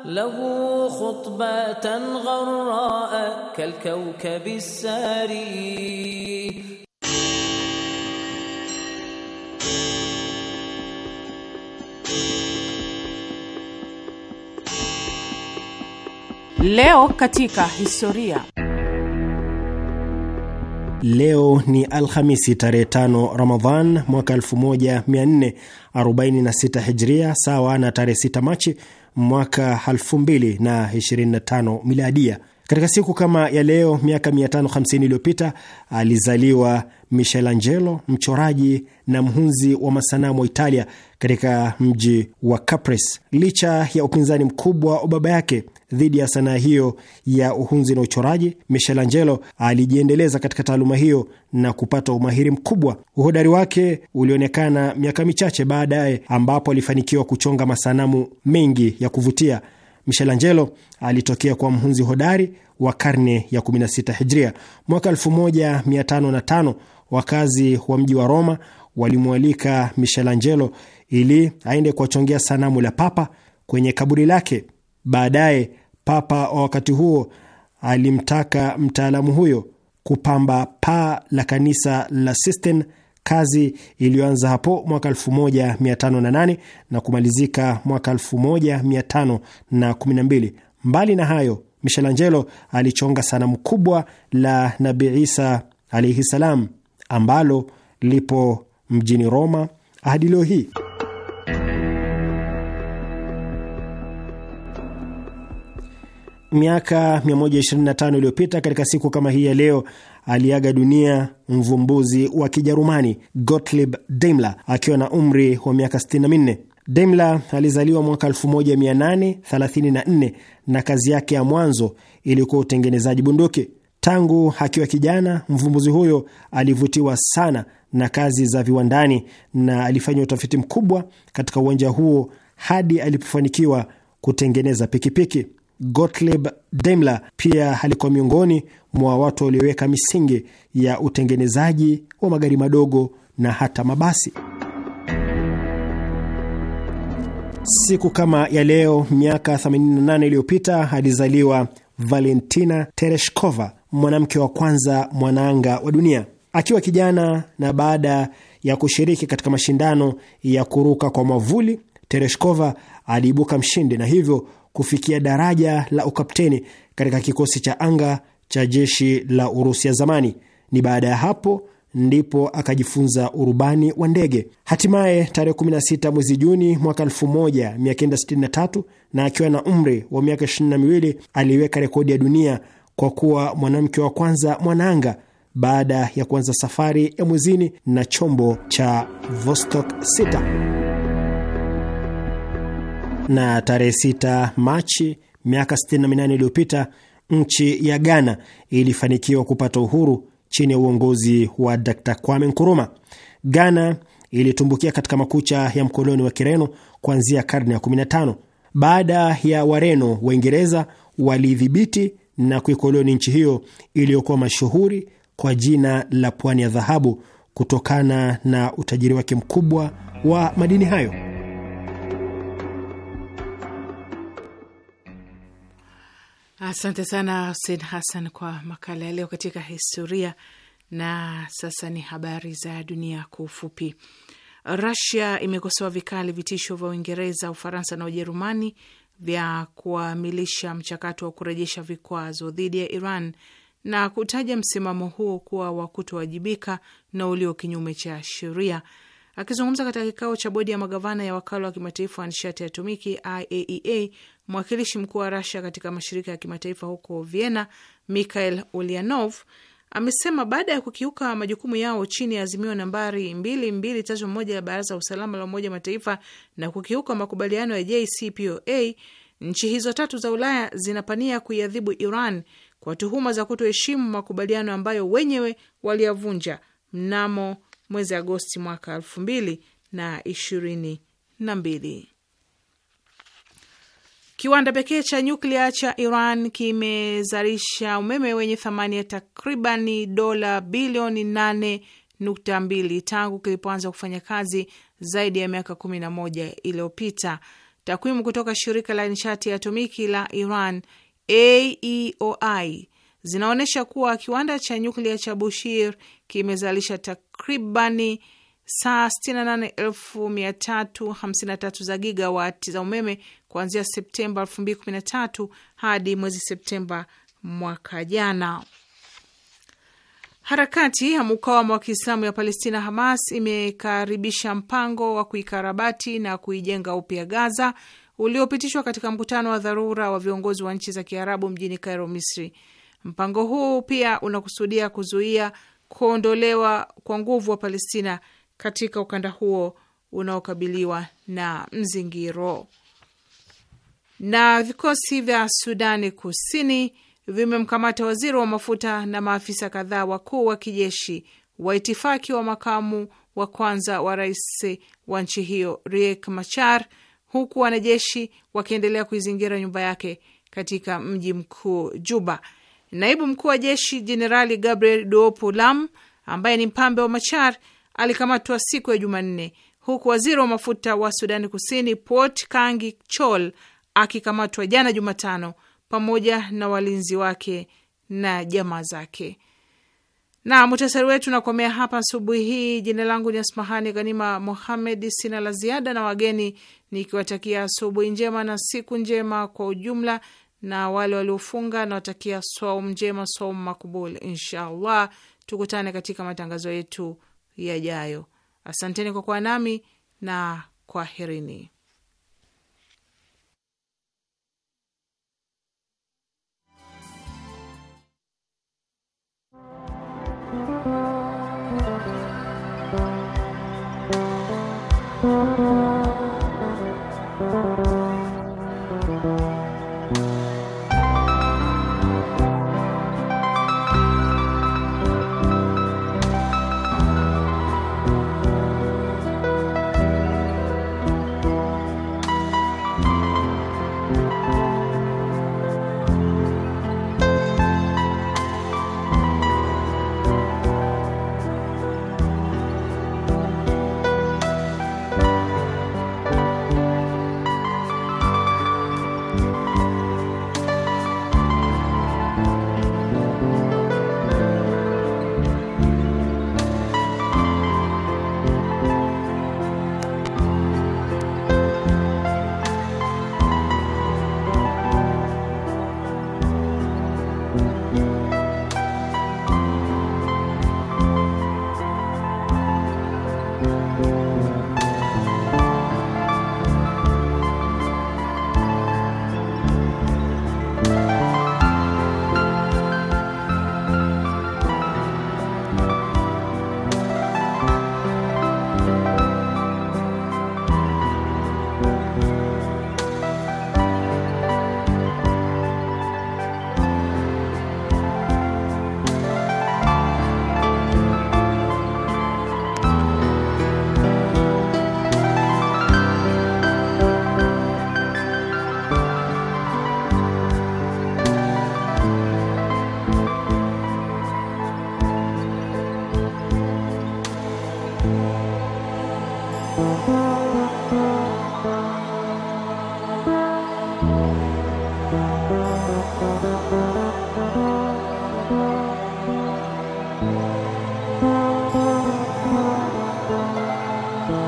Speaker 2: له خطبة غراء
Speaker 8: كالكوكب
Speaker 2: الساري
Speaker 5: Leo katika historia.
Speaker 1: Leo ni Alhamisi tarehe tano Ramadhan mwaka 1446 Hijria, sawa na tarehe 6 Machi mwaka 2025 miladia. Katika siku kama ya leo miaka 550 iliyopita alizaliwa Michelangelo, mchoraji na mhunzi wa masanamu wa Italia, katika mji wa Capres. Licha ya upinzani mkubwa wa baba yake, dhidi ya sanaa hiyo ya uhunzi na uchoraji, Michelangelo alijiendeleza katika taaluma hiyo na kupata umahiri mkubwa. Uhodari wake ulionekana miaka michache baadaye, ambapo alifanikiwa kuchonga masanamu mengi ya kuvutia. Michelangelo alitokea kwa mhunzi hodari wa karne ya 16 Hijria. Mwaka 1505 wakazi wa mji wa Roma walimwalika Michelangelo ili aende kuwachongea sanamu la papa kwenye kaburi lake. Baadaye Papa wa wakati huo alimtaka mtaalamu huyo kupamba paa la kanisa la Sistine, kazi iliyoanza hapo mwaka 1508 na kumalizika mwaka 1512. Mbali na hayo, Michelangelo alichonga sanamu kubwa la Nabi Isa alaihi salam ambalo lipo mjini Roma hadi leo hii. miaka 125 iliyopita katika siku kama hii ya leo aliaga dunia mvumbuzi wa Kijerumani Gottlieb Daimler akiwa na umri wa miaka 64. Daimler alizaliwa mwaka 1834 na kazi yake ya mwanzo ilikuwa utengenezaji bunduki. Tangu akiwa kijana, mvumbuzi huyo alivutiwa sana na kazi za viwandani na alifanya utafiti mkubwa katika uwanja huo hadi alipofanikiwa kutengeneza pikipiki piki. Gottlieb Daimler pia alikuwa miongoni mwa watu walioweka misingi ya utengenezaji wa magari madogo na hata mabasi. Siku kama ya leo miaka 88 iliyopita alizaliwa Valentina Tereshkova, mwanamke wa kwanza mwanaanga wa dunia. Akiwa kijana na baada ya kushiriki katika mashindano ya kuruka kwa mwavuli, Tereshkova aliibuka mshindi na hivyo kufikia daraja la ukapteni katika kikosi cha anga cha jeshi la Urusi ya zamani. Ni baada ya hapo ndipo akajifunza urubani wa ndege. Hatimaye tarehe 16 mwezi Juni mwaka 1963 na akiwa na umri wa miaka 22 aliiweka rekodi ya dunia kwa kuwa mwanamke wa kwanza mwanaanga baada ya kuanza safari ya mwezini na chombo cha Vostok 6 na tarehe 6 Machi miaka 68 iliyopita nchi ya Ghana ilifanikiwa kupata uhuru chini ya uongozi wa Dr. Kwame Nkrumah. Ghana ilitumbukia katika makucha ya mkoloni wa Kireno kuanzia karne ya 15. Baada ya Wareno, Waingereza walidhibiti na kuikoloni nchi hiyo iliyokuwa mashuhuri kwa jina la Pwani ya Dhahabu kutokana na utajiri wake mkubwa wa madini hayo.
Speaker 5: Asante sana Said Hassan kwa makala ya leo katika historia. Na sasa ni habari za dunia kwa ufupi. Rasia imekosoa vikali vitisho vya Uingereza, Ufaransa na Ujerumani vya kuamilisha mchakato wa kurejesha vikwazo dhidi ya Iran na kutaja msimamo huo kuwa wa kutowajibika na ulio kinyume cha sheria. Akizungumza katika kikao cha bodi ya magavana ya wakala wa kimataifa wa nishati ya atomiki IAEA e mwakilishi mkuu wa Rasia katika mashirika ya kimataifa huko Vienna, Mikhail ulianov amesema baada ya kukiuka majukumu yao chini ya azimio nambari 2231 ya Baraza la Usalama la Umoja Mataifa na kukiuka makubaliano ya JCPOA, nchi hizo tatu za Ulaya zinapania kuiadhibu Iran kwa tuhuma za kutoheshimu makubaliano ambayo wenyewe waliyavunja mnamo mwezi Agosti mwaka elfu mbili na ishirini na mbili. Kiwanda pekee cha nyuklia cha Iran kimezalisha umeme wenye thamani ya takribani dola bilioni 8.2 tangu kilipoanza kufanya kazi zaidi ya miaka 11 iliyopita. Takwimu kutoka shirika la nishati ya atomiki la Iran, AEOI, zinaonyesha kuwa kiwanda cha nyuklia cha Bushir kimezalisha takribani saa 68353 za gigawati za umeme kuanzia Septemba 2013 hadi mwezi Septemba mwaka jana. Harakati ya mukawama wa Kiislamu ya Palestina, Hamas, imekaribisha mpango wa kuikarabati na kuijenga upya Gaza uliopitishwa katika mkutano wa dharura wa viongozi wa nchi za Kiarabu mjini Cairo, Misri. Mpango huu pia unakusudia kuzuia kuondolewa kwa nguvu wa Palestina katika ukanda huo unaokabiliwa na mzingiro. Na vikosi vya Sudani Kusini vimemkamata waziri wa mafuta na maafisa kadhaa wakuu wa kijeshi wa itifaki wa makamu wa kwanza wa rais wa nchi hiyo Riek Machar, huku wanajeshi wakiendelea kuizingira nyumba yake katika mji mkuu Juba. Naibu mkuu wa jeshi Jenerali Gabriel Duop Lam ambaye ni mpambe wa Machar alikamatwa siku ya Jumanne, huku waziri wa mafuta wa Sudani Kusini Port Kangi Chol akikamatwa jana Jumatano pamoja na walinzi wake na jamaa zake. Na muhtasari wetu nakomea hapa asubuhi hii. Jina langu ni Asmahani Ghanima Mohamed, sina la ziada na wageni nikiwatakia asubuhi njema na siku njema kwa ujumla, na wale waliofunga nawatakia swaumu njema, swaumu makubul, inshallah. Tukutane katika matangazo yetu yajayo. Asanteni kwa kuwa nami na kwaherini.